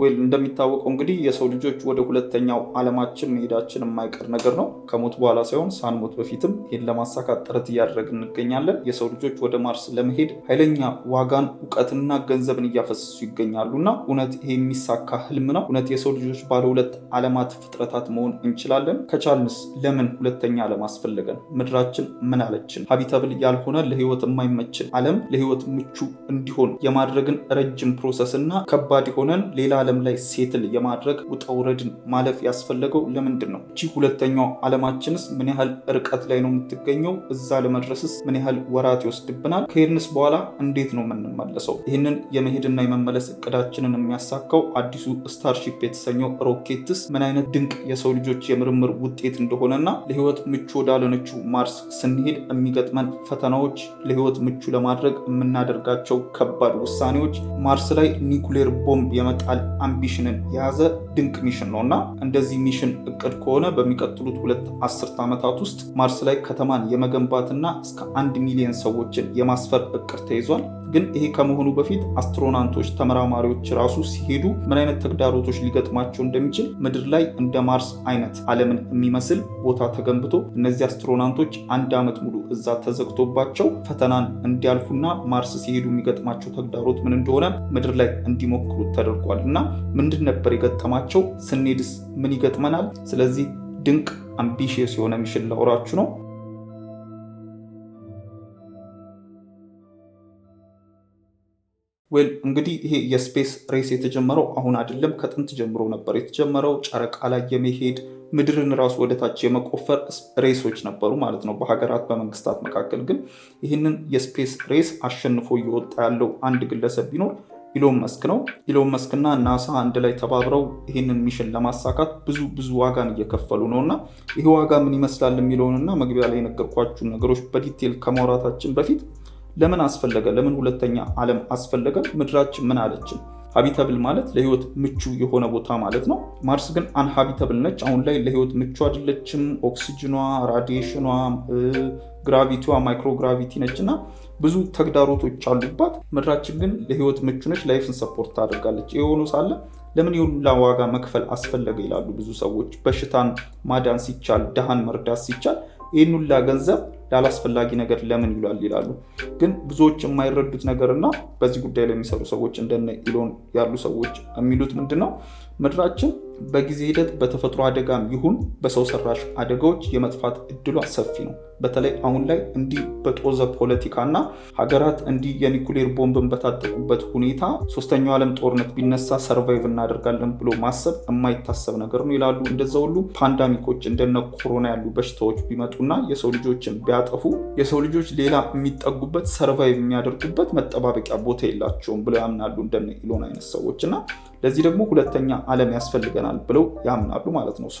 ወይ እንደሚታወቀው እንግዲህ የሰው ልጆች ወደ ሁለተኛው ዓለማችን መሄዳችን የማይቀር ነገር ነው። ከሞት በኋላ ሳይሆን ሳንሞት በፊትም ይህን ለማሳካት ጥረት እያደረግን እንገኛለን። የሰው ልጆች ወደ ማርስ ለመሄድ ኃይለኛ ዋጋን፣ እውቀትና ገንዘብን እያፈሰሱ ይገኛሉ እና እውነት ይሄ የሚሳካ ህልም ነው? እውነት የሰው ልጆች ባለ ሁለት ዓለማት ፍጥረታት መሆን እንችላለን? ከቻልንስ ለምን ሁለተኛ ዓለም አስፈለገን? ምድራችን ምን አለችን? ሀቢተብል ያልሆነ ለህይወት የማይመችን ዓለም ለህይወት ምቹ እንዲሆን የማድረግን ረጅም ፕሮሰስ እና ከባድ የሆነን ሌላ ዓለም ላይ ሴትል የማድረግ ውጣውረድን ማለፍ ያስፈለገው ለምንድን ነው? እቺ ሁለተኛው ዓለማችንስ ምን ያህል እርቀት ላይ ነው የምትገኘው? እዛ ለመድረስስ ምን ያህል ወራት ይወስድብናል? ከሄድንስ በኋላ እንዴት ነው የምንመለሰው? ይህንን የመሄድና የመመለስ እቅዳችንን የሚያሳካው አዲሱ ስታርሺፕ የተሰኘው ሮኬትስ ምን አይነት ድንቅ የሰው ልጆች የምርምር ውጤት እንደሆነና ለህይወት ምቹ ወዳለነችው ማርስ ስንሄድ የሚገጥመን ፈተናዎች ለህይወት ምቹ ለማድረግ የምናደርጋቸው ከባድ ውሳኔዎች ማርስ ላይ ኒኩሌር ቦምብ የመጣል አምቢሽንን የያዘ ድንቅ ሚሽን ነው እና እንደዚህ ሚሽን እቅድ ከሆነ በሚቀጥሉት ሁለት አስርት ዓመታት ውስጥ ማርስ ላይ ከተማን የመገንባትና እስከ አንድ ሚሊዮን ሰዎችን የማስፈር እቅድ ተይዟል። ግን ይሄ ከመሆኑ በፊት አስትሮናንቶች ተመራማሪዎች ራሱ ሲሄዱ ምን አይነት ተግዳሮቶች ሊገጥማቸው እንደሚችል ምድር ላይ እንደ ማርስ አይነት ዓለምን የሚመስል ቦታ ተገንብቶ እነዚህ አስትሮናንቶች አንድ ዓመት ሙሉ እዛ ተዘግቶባቸው ፈተናን እንዲያልፉና ማርስ ሲሄዱ የሚገጥማቸው ተግዳሮት ምን እንደሆነ ምድር ላይ እንዲሞክሩት ተደርጓል እና ምንድን ነበር የገጠማቸው? ስንሄድስ ምን ይገጥመናል? ስለዚህ ድንቅ አምቢሽየስ የሆነ ሚሽን ላውራችሁ ነው። ዌል እንግዲህ ይሄ የስፔስ ሬስ የተጀመረው አሁን አይደለም፣ ከጥንት ጀምሮ ነበር የተጀመረው። ጨረቃ ላይ የመሄድ ምድርን ራሱ ወደታች የመቆፈር ሬሶች ነበሩ ማለት ነው፣ በሀገራት በመንግስታት መካከል። ግን ይህንን የስፔስ ሬስ አሸንፎ እየወጣ ያለው አንድ ግለሰብ ቢኖር ኢሎን መስክ ነው። ኢሎን መስክ እና ናሳ አንድ ላይ ተባብረው ይህንን ሚሽን ለማሳካት ብዙ ብዙ ዋጋን እየከፈሉ ነው እና ይህ ዋጋ ምን ይመስላል የሚለውን እና መግቢያ ላይ የነገርኳችሁን ነገሮች በዲቴል ከማውራታችን በፊት ለምን አስፈለገ? ለምን ሁለተኛ ዓለም አስፈለገ? ምድራችን ምን አለችን? ሀቢተብል ማለት ለህይወት ምቹ የሆነ ቦታ ማለት ነው። ማርስ ግን አንሀቢተብል ነች። አሁን ላይ ለህይወት ምቹ አይደለችም። ኦክሲጅኗ፣ ራዲዬሽኗ፣ ግራቪቲዋ ማይክሮግራቪቲ ነች እና ብዙ ተግዳሮቶች አሉባት። ምድራችን ግን ለህይወት ምቹ ነች፣ ላይፍን ሰፖርት ታደርጋለች። የሆነ ሳለ ለምን የሁላ ዋጋ መክፈል አስፈለገ ይላሉ ብዙ ሰዎች። በሽታን ማዳን ሲቻል፣ ድሃን መርዳት ሲቻል ይህን ሁላ ገንዘብ ላላስፈላጊ ነገር ለምን ይውላል ይላሉ። ግን ብዙዎች የማይረዱት ነገር እና በዚህ ጉዳይ ላይ የሚሰሩ ሰዎች እንደነ ኢሎን ያሉ ሰዎች የሚሉት ምንድን ነው ምድራችን በጊዜ ሂደት በተፈጥሮ አደጋም ይሁን በሰው ሰራሽ አደጋዎች የመጥፋት እድሏ ሰፊ ነው። በተለይ አሁን ላይ እንዲህ በጦዘ ፖለቲካና ሀገራት እንዲህ የኒኩሌር ቦምብን በታጠቁበት ሁኔታ ሶስተኛው ዓለም ጦርነት ቢነሳ ሰርቫይቭ እናደርጋለን ብሎ ማሰብ የማይታሰብ ነገር ነው ይላሉ። እንደዛ ሁሉ ፓንዳሚኮች እንደነ ኮሮና ያሉ በሽታዎች ቢመጡና የሰው ልጆችን ቢያጠፉ የሰው ልጆች ሌላ የሚጠጉበት ሰርቫይቭ የሚያደርጉበት መጠባበቂያ ቦታ የላቸውም ብለው ያምናሉ እንደነ ኢሎን አይነት ሰዎች እና ለዚህ ደግሞ ሁለተኛ ዓለም ያስፈልገናል ይሆናል ብለው ያምናሉ ማለት ነው። ሶ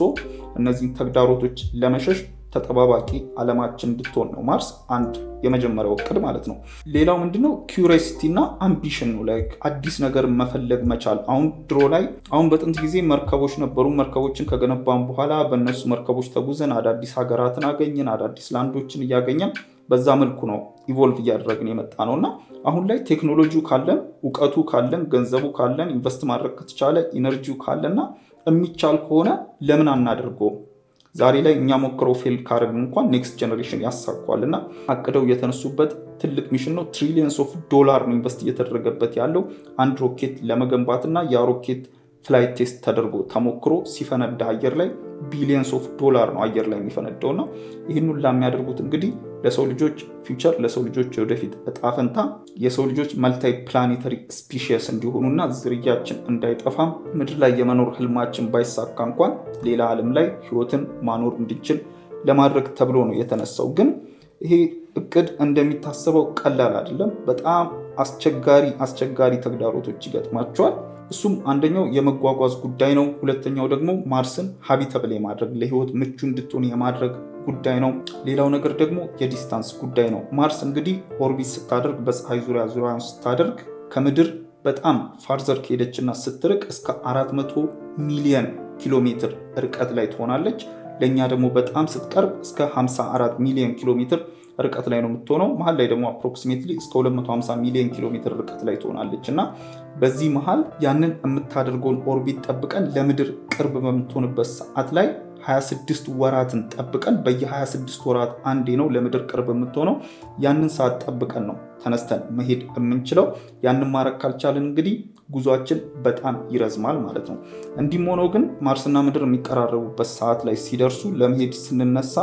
እነዚህን ተግዳሮቶች ለመሸሽ ተጠባባቂ ዓለማችን እንድትሆን ነው ማርስ አንድ የመጀመሪያው እቅድ ማለት ነው። ሌላው ምንድነው? ኪሪዮሲቲ እና አምቢሽን ነው። ላይክ አዲስ ነገር መፈለግ መቻል። አሁን ድሮ ላይ አሁን በጥንት ጊዜ መርከቦች ነበሩ። መርከቦችን ከገነባን በኋላ በእነሱ መርከቦች ተጉዘን አዳዲስ ሀገራትን አገኘን፣ አዳዲስ ላንዶችን እያገኘን በዛ መልኩ ነው ኢቮልቭ እያደረግን የመጣ ነው እና አሁን ላይ ቴክኖሎጂው ካለን፣ እውቀቱ ካለን፣ ገንዘቡ ካለን፣ ኢንቨስት ማድረግ ከተቻለ ኢነርጂው ካለና የሚቻል ከሆነ ለምን አናደርገውም? ዛሬ ላይ እኛ ሞክረው ፌል ካረግ እንኳን ኔክስት ጀኔሬሽን ያሳኳል እና አቅደው የተነሱበት ትልቅ ሚሽን ነው። ትሪሊየንስ ኦፍ ዶላር ነው ኢንቨስት እየተደረገበት ያለው አንድ ሮኬት ለመገንባት እና ያ ሮኬት ፍላይት ቴስት ተደርጎ ተሞክሮ ሲፈነዳ አየር ላይ ቢሊየንስ ኦፍ ዶላር ነው አየር ላይ የሚፈነዳው እና ይህን ሁላ የሚያደርጉት እንግዲህ ለሰው ልጆች ፊውቸር ለሰው ልጆች የወደፊት እጣፈንታ የሰው ልጆች መልታይ ፕላኔተሪ ስፒሽስ እንዲሆኑና ዝርያችን እንዳይጠፋም ምድር ላይ የመኖር ህልማችን ባይሳካ እንኳን ሌላ ዓለም ላይ ህይወትን ማኖር እንድንችል ለማድረግ ተብሎ ነው የተነሳው። ግን ይሄ እቅድ እንደሚታሰበው ቀላል አይደለም። በጣም አስቸጋሪ አስቸጋሪ ተግዳሮቶች ይገጥማቸዋል። እሱም አንደኛው የመጓጓዝ ጉዳይ ነው። ሁለተኛው ደግሞ ማርስን ሀቢተብል የማድረግ ለህይወት ምቹ እንድትሆን የማድረግ ጉዳይ ነው። ሌላው ነገር ደግሞ የዲስታንስ ጉዳይ ነው። ማርስ እንግዲህ ኦርቢት ስታደርግ በፀሐይ ዙሪያ ዙሪያ ስታደርግ ከምድር በጣም ፋርዘር ከሄደችና ስትርቅ እስከ 400 ሚሊዮን ኪሎ ሜትር ርቀት ላይ ትሆናለች። ለእኛ ደግሞ በጣም ስትቀርብ እስከ 54 ሚሊዮን ኪሎ ሜትር ርቀት ላይ ነው የምትሆነው። መሀል ላይ ደግሞ አፕሮክሲሜትሊ እስከ 250 ሚሊዮን ኪሎ ሜትር ርቀት ላይ ትሆናለች እና በዚህ መሀል ያንን የምታደርገውን ኦርቢት ጠብቀን ለምድር ቅርብ በምትሆንበት ሰዓት ላይ 26 ወራትን ጠብቀን በየ26 ወራት አንዴ ነው ለምድር ቅርብ የምትሆነው። ያንን ሰዓት ጠብቀን ነው ተነስተን መሄድ የምንችለው። ያንን ማድረግ ካልቻልን እንግዲህ ጉዟችን በጣም ይረዝማል ማለት ነው። እንዲህም ሆኖ ግን ማርስና ምድር የሚቀራረቡበት ሰዓት ላይ ሲደርሱ ለመሄድ ስንነሳ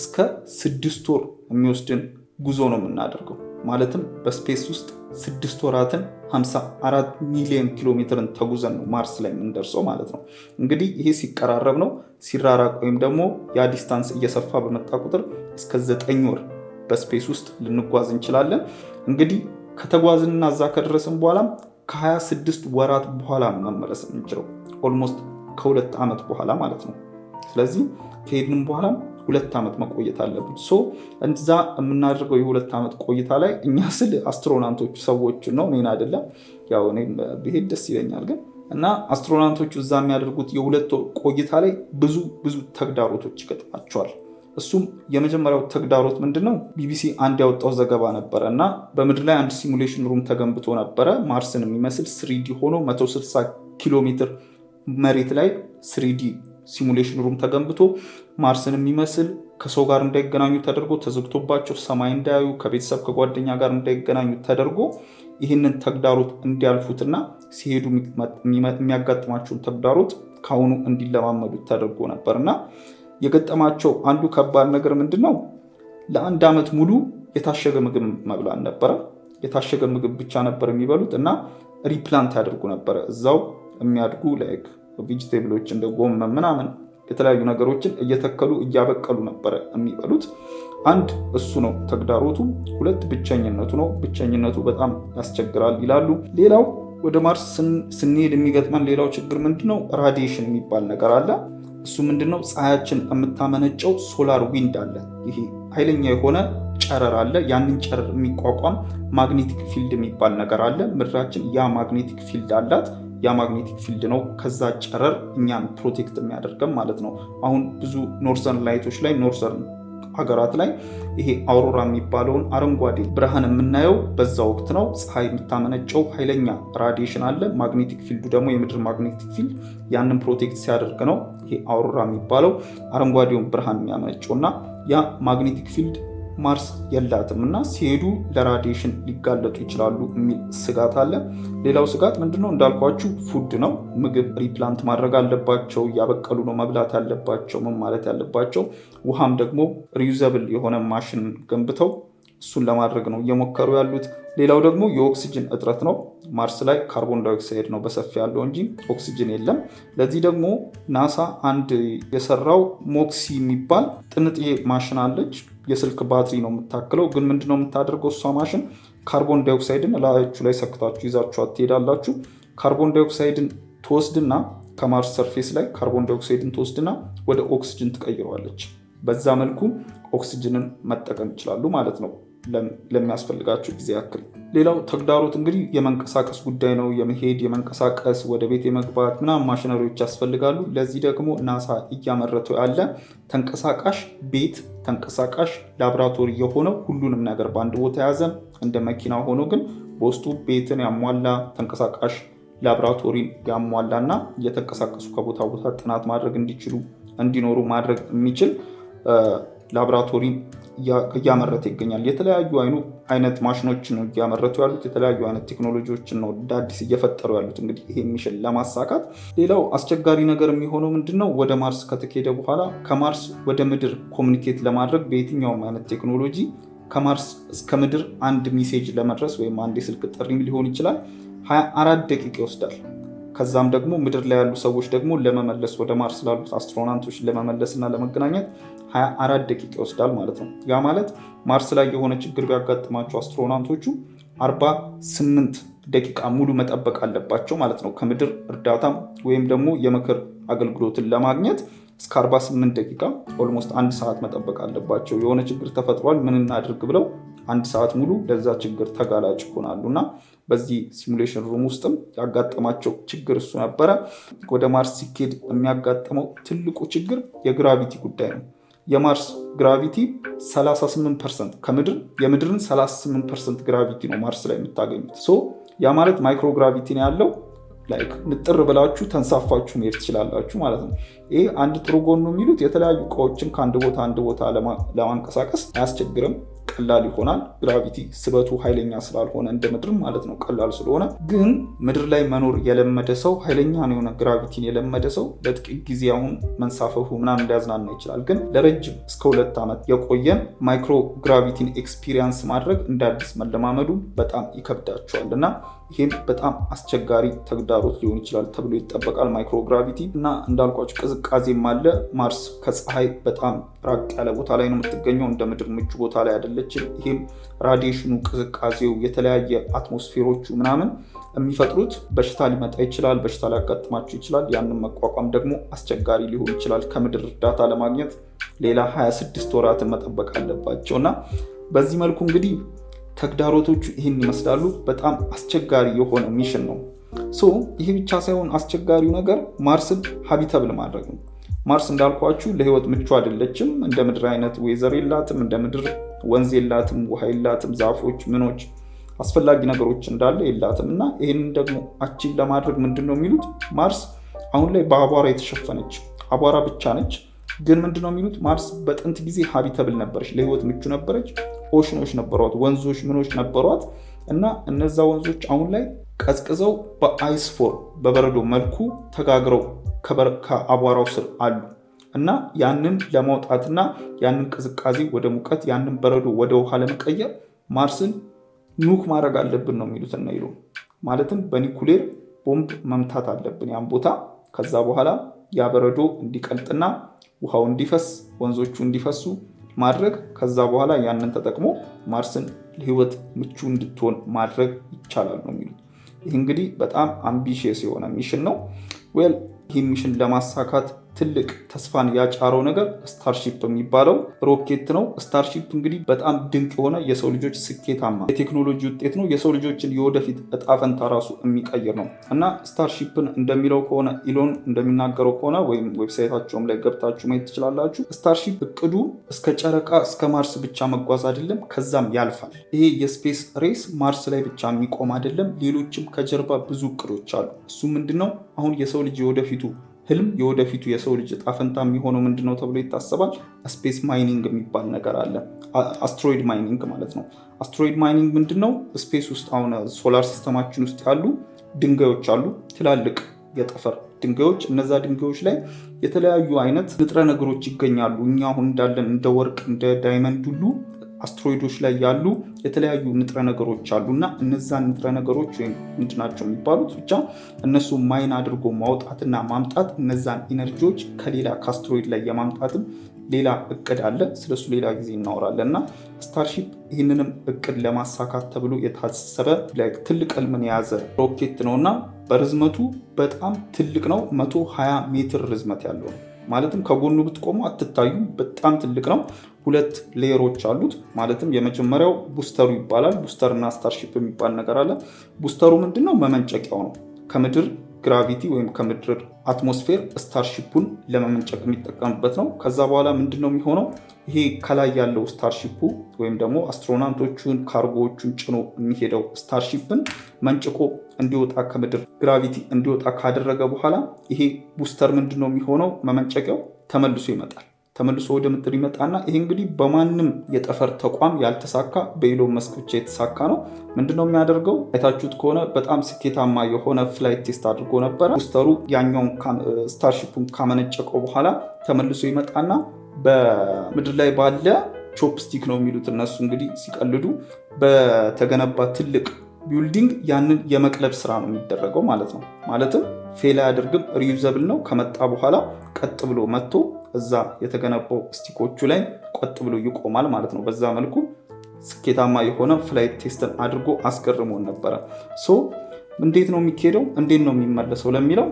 እስከ ስድስት ወር የሚወስድን ጉዞ ነው የምናደርገው። ማለትም በስፔስ ውስጥ ስድስት ወራትን 54 ሚሊዮን ኪሎ ሜትርን ተጉዘን ነው ማርስ ላይ የምንደርሰው ማለት ነው። እንግዲህ ይሄ ሲቀራረብ ነው። ሲራራቅ ወይም ደግሞ ያ ዲስታንስ እየሰፋ በመጣ ቁጥር እስከ ዘጠኝ ወር በስፔስ ውስጥ ልንጓዝ እንችላለን። እንግዲህ ከተጓዝንና እዛ ከደረስን በኋላ ከ26 ወራት በኋላ መመለስ የምንችለው ኦልሞስት ከሁለት ዓመት በኋላ ማለት ነው። ስለዚህ ከሄድንም በኋላ ሁለት ዓመት መቆየት አለብን። ሶ እዛ የምናደርገው የሁለት ዓመት ቆይታ ላይ እኛ ስል አስትሮናንቶቹ ሰዎች ነው፣ እኔን አይደለም። ያው እኔም ብሄድ ደስ ይለኛል ግን እና አስትሮናንቶቹ እዛ የሚያደርጉት የሁለት ወር ቆይታ ላይ ብዙ ብዙ ተግዳሮቶች ይገጥማቸዋል። እሱም የመጀመሪያው ተግዳሮት ምንድን ነው? ቢቢሲ አንድ ያወጣው ዘገባ ነበረ እና በምድር ላይ አንድ ሲሙሌሽን ሩም ተገንብቶ ነበረ ማርስን የሚመስል ስሪዲ ሆኖ 160 ኪሎ ሜትር መሬት ላይ ስሪዲ ሲሙሌሽን ሩም ተገንብቶ ማርስን የሚመስል ከሰው ጋር እንዳይገናኙ ተደርጎ ተዘግቶባቸው ሰማይ እንዳያዩ ከቤተሰብ ከጓደኛ ጋር እንዳይገናኙ ተደርጎ ይህንን ተግዳሮት እንዲያልፉትና ሲሄዱ የሚያጋጥማቸውን ተግዳሮት ከአሁኑ እንዲለማመዱት ተደርጎ ነበር እና የገጠማቸው አንዱ ከባድ ነገር ምንድን ነው? ለአንድ ዓመት ሙሉ የታሸገ ምግብ መብላት ነበረ። የታሸገ ምግብ ብቻ ነበር የሚበሉት እና ሪፕላንት ያደርጉ ነበረ እዛው የሚያድጉ ላይክ ቪጅቴብሎች እንደ ጎመን ምናምን የተለያዩ ነገሮችን እየተከሉ እያበቀሉ ነበረ የሚበሉት። አንድ እሱ ነው ተግዳሮቱ። ሁለት ብቸኝነቱ ነው። ብቸኝነቱ በጣም ያስቸግራል ይላሉ። ሌላው ወደ ማርስ ስንሄድ የሚገጥመን ሌላው ችግር ምንድነው ራዲሽን የሚባል ነገር አለ። እሱ ምንድነው ፀሐያችን የምታመነጨው ሶላር ዊንድ አለ። ይሄ ኃይለኛ የሆነ ጨረር አለ። ያንን ጨረር የሚቋቋም ማግኔቲክ ፊልድ የሚባል ነገር አለ። ምድራችን ያ ማግኔቲክ ፊልድ አላት። የማግኔቲክ ፊልድ ነው። ከዛ ጨረር እኛን ፕሮቴክት የሚያደርገን ማለት ነው። አሁን ብዙ ኖርዘርን ላይቶች ላይ ኖርዘርን ሀገራት ላይ ይሄ አውሮራ የሚባለውን አረንጓዴ ብርሃን የምናየው በዛ ወቅት ነው። ፀሐይ የምታመነጨው ኃይለኛ ራዲሽን አለ። ማግኔቲክ ፊልዱ ደግሞ የምድር ማግኔቲክ ፊልድ ያንን ፕሮቴክት ሲያደርግ ነው ይሄ አውሮራ የሚባለው አረንጓዴውን ብርሃን የሚያመነጨው እና ያ ማግኔቲክ ፊልድ ማርስ የላትም እና ሲሄዱ ለራዲሽን ሊጋለጡ ይችላሉ የሚል ስጋት አለ። ሌላው ስጋት ምንድነው? እንዳልኳችሁ ፉድ ነው። ምግብ ሪፕላንት ማድረግ አለባቸው። እያበቀሉ ነው መብላት ያለባቸው ማለት ያለባቸው። ውሃም ደግሞ ሪዩዘብል የሆነ ማሽን ገንብተው እሱን ለማድረግ ነው እየሞከሩ ያሉት። ሌላው ደግሞ የኦክሲጅን እጥረት ነው። ማርስ ላይ ካርቦን ዳይኦክሳይድ ነው በሰፊ ያለው እንጂ ኦክሲጅን የለም። ለዚህ ደግሞ ናሳ አንድ የሰራው ሞክሲ የሚባል ጥንጥዬ ማሽን አለች። የስልክ ባትሪ ነው የምታክለው። ግን ምንድነው የምታደርገው እሷ ማሽን ካርቦን ዳይኦክሳይድን እላያችሁ ላይ ሰክታችሁ ይዛችኋት ትሄዳላችሁ። ካርቦን ዳይኦክሳይድን ትወስድና ከማርስ ሰርፌስ ላይ ካርቦን ዳይኦክሳይድን ትወስድና ወደ ኦክሲጅን ትቀይረዋለች። በዛ መልኩ ኦክሲጅንን መጠቀም ይችላሉ ማለት ነው ለሚያስፈልጋቸው ጊዜ ያክል ሌላው ተግዳሮት እንግዲህ የመንቀሳቀስ ጉዳይ ነው። የመሄድ የመንቀሳቀስ ወደ ቤት የመግባት ምናምን ማሽነሪዎች ያስፈልጋሉ። ለዚህ ደግሞ ናሳ እያመረተው ያለ ተንቀሳቃሽ ቤት፣ ተንቀሳቃሽ ላብራቶሪ የሆነው ሁሉንም ነገር በአንድ ቦታ የያዘ እንደ መኪና ሆኖ ግን በውስጡ ቤትን ያሟላ ተንቀሳቃሽ ላብራቶሪን ያሟላ እና እየተንቀሳቀሱ ከቦታ ቦታ ጥናት ማድረግ እንዲችሉ እንዲኖሩ ማድረግ የሚችል ላብራቶሪ እያመረተ ይገኛል። የተለያዩ አይነት ማሽኖች ነው እያመረቱ ያሉት። የተለያዩ አይነት ቴክኖሎጂዎችን ነው አዲስ እየፈጠሩ ያሉት። እንግዲህ ይሄ ሚሽን ለማሳካት ሌላው አስቸጋሪ ነገር የሚሆነው ምንድን ነው? ወደ ማርስ ከተኬደ በኋላ ከማርስ ወደ ምድር ኮሚኒኬት ለማድረግ በየትኛውም አይነት ቴክኖሎጂ ከማርስ እስከ ምድር አንድ ሚሴጅ ለመድረስ ወይም አንድ የስልክ ጥሪ ሊሆን ይችላል 24 ደቂቃ ይወስዳል። ከዛም ደግሞ ምድር ላይ ያሉ ሰዎች ደግሞ ለመመለስ ወደ ማርስ ላሉት አስትሮናንቶች ለመመለስ እና ለመገናኘት 24 ደቂቃ ይወስዳል ማለት ነው። ያ ማለት ማርስ ላይ የሆነ ችግር ቢያጋጥማቸው አስትሮናውቶቹ 48 ደቂቃ ሙሉ መጠበቅ አለባቸው ማለት ነው። ከምድር እርዳታ ወይም ደግሞ የምክር አገልግሎትን ለማግኘት እስከ 48 ደቂቃ ኦልሞስት አንድ ሰዓት መጠበቅ አለባቸው። የሆነ ችግር ተፈጥሯል፣ ምን እናድርግ ብለው አንድ ሰዓት ሙሉ ለዛ ችግር ተጋላጭ ይሆናሉ እና በዚህ ሲሙሌሽን ሩም ውስጥም ያጋጠማቸው ችግር እሱ ነበረ። ወደ ማርስ ሲኬድ የሚያጋጥመው ትልቁ ችግር የግራቪቲ ጉዳይ ነው። የማርስ ግራቪቲ 38 ከምድር የምድርን 38 ፐርሰንት ግራቪቲ ነው ማርስ ላይ የምታገኙት። ሶ ያ ማለት ማይክሮ ግራቪቲ ነው ያለው። ላይክ ንጥር ብላችሁ ተንሳፋችሁ መሄድ ትችላላችሁ ማለት ነው። ይህ አንድ ጥሩ ጎኑ የሚሉት የተለያዩ እቃዎችን ከአንድ ቦታ አንድ ቦታ ለማንቀሳቀስ አያስቸግርም። ቀላል ይሆናል። ግራቪቲ ስበቱ ኃይለኛ ስላልሆነ እንደ ምድር ማለት ነው፣ ቀላል ስለሆነ። ግን ምድር ላይ መኖር የለመደ ሰው ኃይለኛ የሆነ ግራቪቲን የለመደ ሰው ለጥቂት ጊዜ አሁን መንሳፈፉ ምናምን ሊያዝናና ይችላል። ግን ለረጅም እስከ ሁለት ዓመት የቆየን ማይክሮ ግራቪቲን ኤክስፒሪየንስ ማድረግ እንደ አዲስ መለማመዱ በጣም ይከብዳቸዋል እና ይህም በጣም አስቸጋሪ ተግዳሮት ሊሆን ይችላል ተብሎ ይጠበቃል። ማይክሮግራቪቲ እና እንዳልኳቸው ቅዝቃዜም አለ። ማርስ ከፀሐይ በጣም ራቅ ያለ ቦታ ላይ ነው የምትገኘው። እንደ ምድር ምቹ ቦታ ላይ አይደለችም። ይህም ራዲሽኑ፣ ቅዝቃዜው፣ የተለያየ አትሞስፌሮቹ ምናምን የሚፈጥሩት በሽታ ሊመጣ ይችላል። በሽታ ሊያጋጥማቸው ይችላል። ያንን መቋቋም ደግሞ አስቸጋሪ ሊሆን ይችላል። ከምድር እርዳታ ለማግኘት ሌላ 26 ወራትን መጠበቅ አለባቸው እና በዚህ መልኩ እንግዲህ ተግዳሮቶቹ ይህን ይመስላሉ። በጣም አስቸጋሪ የሆነ ሚሽን ነው። ሶ ይህ ብቻ ሳይሆን አስቸጋሪው ነገር ማርስን ሀቢተብል ማድረግ ነው። ማርስ እንዳልኳችሁ ለህይወት ምቹ አይደለችም። እንደ ምድር አይነት ወይዘር የላትም። እንደ ምድር ወንዝ የላትም፣ ውሃ የላትም፣ ዛፎች ምኖች አስፈላጊ ነገሮች እንዳለ የላትም እና ይህንን ደግሞ አቺቭ ለማድረግ ምንድን ነው የሚሉት ማርስ አሁን ላይ በአቧራ የተሸፈነች አቧራ ብቻ ነች። ግን ምንድነው የሚሉት ማርስ በጥንት ጊዜ ሀቢተብል ነበረች፣ ለህይወት ምቹ ነበረች። ኦሽኖች ነበሯት፣ ወንዞች ምኖች ነበሯት እና እነዛ ወንዞች አሁን ላይ ቀዝቅዘው በአይስፎር በበረዶ መልኩ ተጋግረው ከአቧራው ስር አሉ እና ያንን ለማውጣትና ያንን ቅዝቃዜ ወደ ሙቀት ያንን በረዶ ወደ ውሃ ለመቀየር ማርስን ኑክ ማድረግ አለብን ነው የሚሉት እና ይሉ ማለትም በኒኩሌር ቦምብ መምታት አለብን ያን ቦታ። ከዛ በኋላ ያ በረዶ እንዲቀልጥና ውሃው እንዲፈስ ወንዞቹ እንዲፈሱ ማድረግ ከዛ በኋላ ያንን ተጠቅሞ ማርስን ለህይወት ምቹ እንድትሆን ማድረግ ይቻላል ነው የሚሉት። ይህ እንግዲህ በጣም አምቢሽስ የሆነ ሚሽን ነው። ዌል ይህ ሚሽን ለማሳካት ትልቅ ተስፋን ያጫረው ነገር ስታርሺፕ የሚባለው ሮኬት ነው። ስታርሺፕ እንግዲህ በጣም ድንቅ የሆነ የሰው ልጆች ስኬታማ የቴክኖሎጂ ውጤት ነው። የሰው ልጆችን የወደፊት እጣ ፈንታ ራሱ የሚቀይር ነው እና ስታርሺፕን እንደሚለው ከሆነ ኢሎን እንደሚናገረው ከሆነ ወይም ዌብሳይታቸውም ላይ ገብታችሁ ማየት ትችላላችሁ። ስታርሺፕ እቅዱ እስከ ጨረቃ እስከ ማርስ ብቻ መጓዝ አይደለም፣ ከዛም ያልፋል። ይሄ የስፔስ ሬስ ማርስ ላይ ብቻ የሚቆም አይደለም። ሌሎችም ከጀርባ ብዙ እቅዶች አሉ። እሱ ምንድነው አሁን የሰው ልጅ የወደፊቱ ህልም የወደፊቱ የሰው ልጅ ጣፈንታ የሚሆነው ምንድነው ተብሎ ይታሰባል። ስፔስ ማይኒንግ የሚባል ነገር አለ። አስትሮይድ ማይኒንግ ማለት ነው። አስትሮይድ ማይኒንግ ምንድነው? ስፔስ ውስጥ አሁን ሶላር ሲስተማችን ውስጥ ያሉ ድንጋዮች አሉ፣ ትላልቅ የጠፈር ድንጋዮች። እነዛ ድንጋዮች ላይ የተለያዩ አይነት ንጥረ ነገሮች ይገኛሉ። እኛ አሁን እንዳለን እንደ ወርቅ እንደ ዳይመንድ ሁሉ አስትሮይዶች ላይ ያሉ የተለያዩ ንጥረ ነገሮች አሉ እና እነዛን ንጥረ ነገሮች ወይም ምንድናቸው የሚባሉት ብቻ እነሱ ማይን አድርጎ ማውጣትና ማምጣት እነዛን ኢነርጂዎች ከሌላ ከአስትሮይድ ላይ የማምጣትም ሌላ እቅድ አለ። ስለሱ ሌላ ጊዜ እናወራለን እና ስታርሺፕ ይህንንም እቅድ ለማሳካት ተብሎ የታሰበ ትልቅ ህልምን የያዘ ሮኬት ነው እና በርዝመቱ በጣም ትልቅ ነው። 120 ሜትር ርዝመት ያለው ነው። ማለትም ከጎኑ ብትቆሙ አትታዩ በጣም ትልቅ ነው። ሁለት ሌየሮች አሉት። ማለትም የመጀመሪያው ቡስተሩ ይባላል። ቡስተር እና ስታርሺፕ የሚባል ነገር አለ። ቡስተሩ ምንድነው? መመንጨቂያው ነው። ከምድር ግራቪቲ ወይም ከምድር አትሞስፌር ስታርሺፑን ለመመንጨቅ የሚጠቀምበት ነው። ከዛ በኋላ ምንድነው የሚሆነው? ይሄ ከላይ ያለው ስታርሺፑ ወይም ደግሞ አስትሮናውቶቹን ካርጎዎቹን ጭኖ የሚሄደው ስታርሺፕን መንጭቆ እንዲወጣ ከምድር ግራቪቲ እንዲወጣ ካደረገ በኋላ ይሄ ቡስተር ምንድን ነው የሚሆነው? መመንጨቂያው ተመልሶ ይመጣል። ተመልሶ ወደ ምድር ይመጣና ይሄ እንግዲህ በማንም የጠፈር ተቋም ያልተሳካ በኢሎን መስክ ብቻ የተሳካ ነው። ምንድነው የሚያደርገው? አይታችሁት ከሆነ በጣም ስኬታማ የሆነ ፍላይት ቴስት አድርጎ ነበረ። ቡስተሩ ያኛውን ስታርሺፑን ካመነጨቀው በኋላ ተመልሶ ይመጣና በምድር ላይ ባለ ቾፕስቲክ ነው የሚሉት እነሱ እንግዲህ ሲቀልዱ በተገነባ ትልቅ ቢውልዲንግ ያንን የመቅለብ ስራ ነው የሚደረገው ማለት ነው። ማለትም ፌል አያደርግም፣ ሪዩዘብል ነው። ከመጣ በኋላ ቀጥ ብሎ መጥቶ እዛ የተገነባው ስቲኮቹ ላይ ቀጥ ብሎ ይቆማል ማለት ነው። በዛ መልኩ ስኬታማ የሆነ ፍላይት ቴስትን አድርጎ አስገርሞን ነበረ። ሶ እንዴት ነው የሚካሄደው? እንዴት ነው የሚመለሰው ለሚለው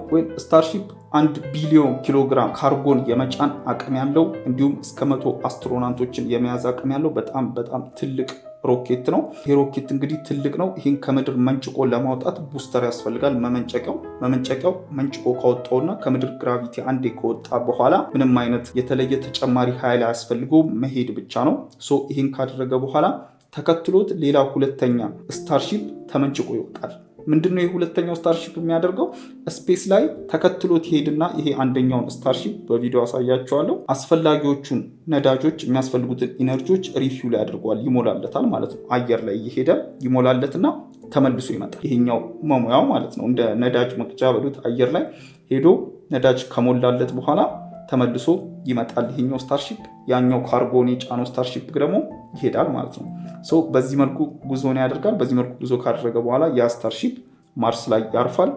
ስታርሺፕ አንድ ቢሊዮን ኪሎግራም ካርጎን የመጫን አቅም ያለው እንዲሁም እስከ መቶ አስትሮናንቶችን የመያዝ አቅም ያለው በጣም በጣም ትልቅ ሮኬት ነው። ይህ ሮኬት እንግዲህ ትልቅ ነው። ይህን ከምድር መንጭቆ ለማውጣት ቡስተር ያስፈልጋል። መመንጨቂያው መመንጨቂያው መንጭቆ ካወጣውና ከምድር ግራቪቲ አንዴ ከወጣ በኋላ ምንም አይነት የተለየ ተጨማሪ ኃይል አያስፈልገው፣ መሄድ ብቻ ነው። ሶ ይህን ካደረገ በኋላ ተከትሎት ሌላ ሁለተኛ ስታርሺፕ ተመንጭቆ ይወጣል። ምንድነው የሁለተኛው ስታርሺፕ የሚያደርገው? ስፔስ ላይ ተከትሎ ሄድና ይሄ አንደኛውን ስታርሺፕ በቪዲዮ አሳያቸዋለሁ። አስፈላጊዎቹን ነዳጆች፣ የሚያስፈልጉትን ኢነርጂዎች ሪፊው ላይ አድርጓል፣ ይሞላለታል ማለት ነው። አየር ላይ እየሄደ ይሞላለትና ተመልሶ ይመጣል። ይሄኛው መሙያው ማለት ነው። እንደ ነዳጅ መቅጫ በሉት አየር ላይ ሄዶ ነዳጅ ከሞላለት በኋላ ተመልሶ ይመጣል። ይሄኛው ስታርሺፕ ያኛው ካርጎን የጫነው ስታርሺፕ ደግሞ ይሄዳል ማለት ነው። ሰው በዚህ መልኩ ጉዞን ያደርጋል። በዚህ መልኩ ጉዞ ካደረገ በኋላ ያ ስታርሺፕ ማርስ ላይ ያርፋል።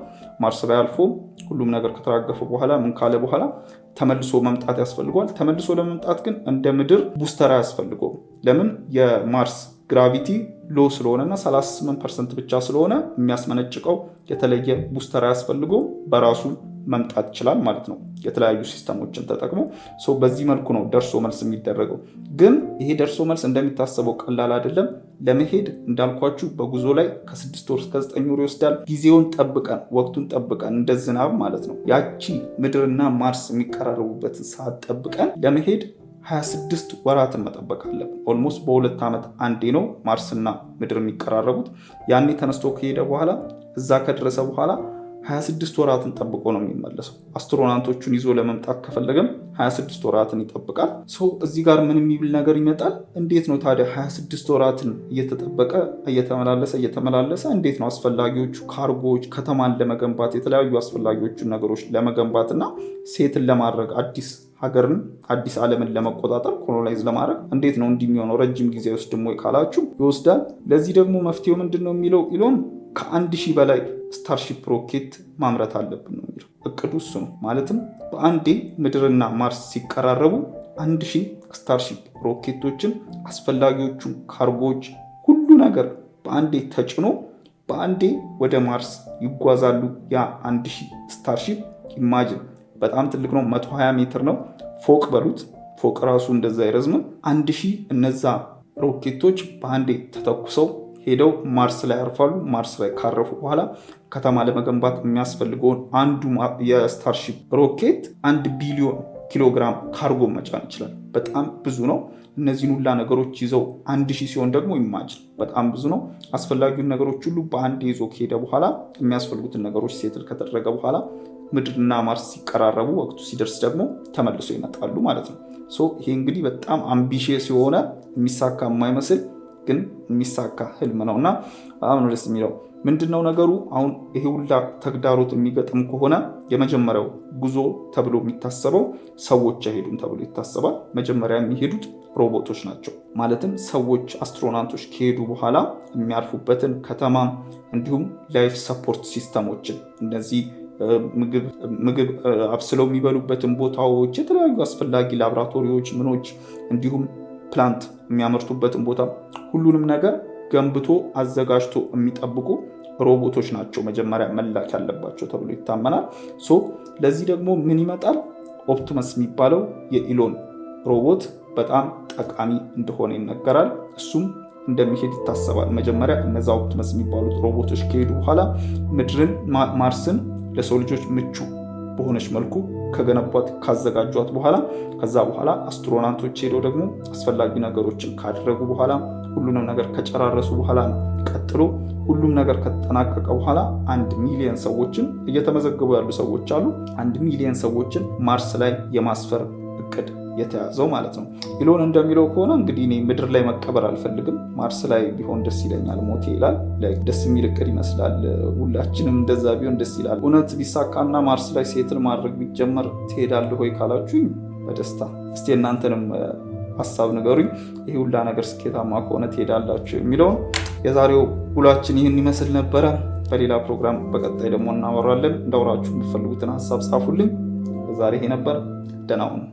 ማርስ ላይ አልፎ ሁሉም ነገር ከተራገፈ በኋላ ምን ካለ በኋላ ተመልሶ መምጣት ያስፈልገዋል። ተመልሶ ለመምጣት ግን እንደ ምድር ቡስተር አያስፈልገውም። ለምን? የማርስ ግራቪቲ ሎ ስለሆነና 38 ፐርሰንት ብቻ ስለሆነ የሚያስመነጭቀው የተለየ ቡስተር አያስፈልገውም በራሱ መምጣት ይችላል ማለት ነው። የተለያዩ ሲስተሞችን ተጠቅሞ በዚህ መልኩ ነው ደርሶ መልስ የሚደረገው። ግን ይሄ ደርሶ መልስ እንደሚታሰበው ቀላል አይደለም። ለመሄድ እንዳልኳችሁ በጉዞ ላይ ከስድስት ወር እስከ ዘጠኝ ወር ይወስዳል። ጊዜውን ጠብቀን ወቅቱን ጠብቀን እንደ ዝናብ ማለት ነው ያቺ ምድርና ማርስ የሚቀራረቡበትን ሰዓት ጠብቀን ለመሄድ 26 ወራትን መጠበቅ አለብን። ኦልሞስት በሁለት ዓመት አንዴ ነው ማርስና ምድር የሚቀራረቡት። ያኔ ተነስቶ ከሄደ በኋላ እዛ ከደረሰ በኋላ 26 ወራትን ጠብቆ ነው የሚመለሰው። አስትሮናውቶቹን ይዞ ለመምጣት ከፈለገም 26 ወራትን ይጠብቃል። ሰው እዚህ ጋር ምን የሚብል ነገር ይመጣል? እንዴት ነው ታዲያ 26 ወራትን እየተጠበቀ እየተመላለሰ እየተመላለሰ እንዴት ነው አስፈላጊዎቹ ካርጎዎች ከተማን ለመገንባት የተለያዩ አስፈላጊዎቹን ነገሮች ለመገንባት እና ሴትን ለማድረግ አዲስ ሀገርን አዲስ ዓለምን ለመቆጣጠር ኮሎናይዝ ለማድረግ እንዴት ነው እንዲህ የሚሆነው? ረጅም ጊዜ ውስጥ ደግሞ ካላችሁ ይወስዳል። ለዚህ ደግሞ መፍትሄው ምንድን ነው የሚለው ኢሎን ከአንድ ሺህ በላይ ስታርሺፕ ሮኬት ማምረት አለብን ነው የሚለው እቅዱ። እሱ ነው ማለትም በአንዴ ምድርና ማርስ ሲቀራረቡ አንድ ሺህ ስታርሺፕ ሮኬቶችን አስፈላጊዎቹን ካርጎዎች፣ ሁሉ ነገር በአንዴ ተጭኖ በአንዴ ወደ ማርስ ይጓዛሉ። ያ አንድ ሺህ ስታርሺፕ ኢማጅን በጣም ትልቅ ነው። 120 ሜትር ነው። ፎቅ በሉት ፎቅ ራሱ እንደዛ አይረዝምም። አንድ ሺህ እነዛ ሮኬቶች በአንዴ ተተኩሰው ሄደው ማርስ ላይ ያርፋሉ። ማርስ ላይ ካረፉ በኋላ ከተማ ለመገንባት የሚያስፈልገውን አንዱ የስታርሺፕ ሮኬት አንድ ቢሊዮን ኪሎግራም ካርጎ መጫን ይችላል። በጣም ብዙ ነው። እነዚህን ሁላ ነገሮች ይዘው አንድ ሺህ ሲሆን ደግሞ ይማጭል በጣም ብዙ ነው። አስፈላጊውን ነገሮች ሁሉ በአንድ ይዞ ከሄደ በኋላ የሚያስፈልጉትን ነገሮች ሴትል ከተደረገ በኋላ ምድርና ማርስ ሲቀራረቡ ወቅቱ ሲደርስ ደግሞ ተመልሶ ይመጣሉ ማለት ነው። ይሄ እንግዲህ በጣም አምቢሼስ የሆነ የሚሳካ የማይመስል ግን የሚሳካ ህልም ነው እና በጣም ነው ደስ የሚለው። ምንድነው ነገሩ? አሁን ይሄ ሁላ ተግዳሮት የሚገጥም ከሆነ የመጀመሪያው ጉዞ ተብሎ የሚታሰበው ሰዎች አይሄዱም ተብሎ ይታሰባል። መጀመሪያ የሚሄዱት ሮቦቶች ናቸው። ማለትም ሰዎች አስትሮናውቶች ከሄዱ በኋላ የሚያርፉበትን ከተማ እንዲሁም ላይፍ ሰፖርት ሲስተሞችን እነዚህ ምግብ አብስለው የሚበሉበትን ቦታዎች፣ የተለያዩ አስፈላጊ ላብራቶሪዎች ምኖች እንዲሁም ፕላንት የሚያመርቱበትን ቦታ ሁሉንም ነገር ገንብቶ አዘጋጅቶ የሚጠብቁ ሮቦቶች ናቸው መጀመሪያ መላክ ያለባቸው ተብሎ ይታመናል። ሶ ለዚህ ደግሞ ምን ይመጣል? ኦፕቲመስ የሚባለው የኢሎን ሮቦት በጣም ጠቃሚ እንደሆነ ይነገራል። እሱም እንደሚሄድ ይታሰባል። መጀመሪያ እነዛ ኦፕቲመስ የሚባሉት ሮቦቶች ከሄዱ በኋላ ምድርን ማርስን ለሰው ልጆች ምቹ በሆነች መልኩ ከገነቧት ካዘጋጇት በኋላ ከዛ በኋላ አስትሮናቶች ሄደው ደግሞ አስፈላጊ ነገሮችን ካደረጉ በኋላ ሁሉንም ነገር ከጨራረሱ በኋላ ነው። ቀጥሎ ሁሉም ነገር ከተጠናቀቀ በኋላ አንድ ሚሊየን ሰዎችን እየተመዘገቡ ያሉ ሰዎች አሉ። አንድ ሚሊየን ሰዎችን ማርስ ላይ የማስፈር የተያዘው ማለት ነው። ኢሎን እንደሚለው ከሆነ እንግዲህ እኔ ምድር ላይ መቀበር አልፈልግም፣ ማርስ ላይ ቢሆን ደስ ይለኛል ሞቴ ይላል። ደስ የሚል እቅድ ይመስላል። ሁላችንም እንደዛ ቢሆን ደስ ይላል። እውነት ቢሳካና ማርስ ላይ ሴትል ማድረግ ቢጀመር ትሄዳለህ ወይ ካላችሁኝ በደስታ እስቲ እናንተንም ሀሳብ ንገሩኝ። ይህ ሁላ ነገር ስኬታማ ከሆነ ትሄዳላችሁ የሚለውን የዛሬው ውሏችን ይህን ይመስል ነበረ። በሌላ ፕሮግራም በቀጣይ ደግሞ እናወራለን። እንደውራችሁ የምትፈልጉትን ሀሳብ ጻፉልኝ። ዛሬ ይሄ ነበር። ደህና ሁኑ።